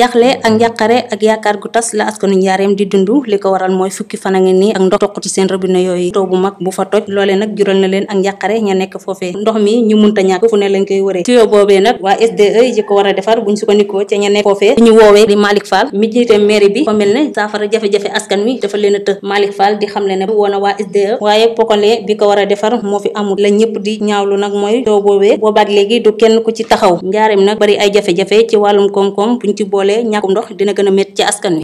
jaaxle ak njàqare ak yaakaar gu tas la askanu njaareem di dund li ko waral mooy fukki fan a ngi nii ak ndox toq ci seen robinet yooyu taw bu mag bu fa toj loole nag jural na leen ak njàqare ña nekk foofee ndox mi ñu munta ñàkk fu ne lañ e a defar buñ sukkandikoo ca ña nekk di Malick Fall mi jiite mairie bi fa ne saafara jafe-jafe askan wi dafa leen a të Malick Fall di xamle ne woon a waa SDE waaye pokalee bi ko war a defar moo fi amul la ñëpp di ñaawlu nag mooy tuyau boobee boobaak léegi du kenn ku ci taxaw njaareem nag bari ay jafe-jafe ci wàllum koom-koom buñ ci boole boolee ñàkkum ndox dina gën a métti ci askan wi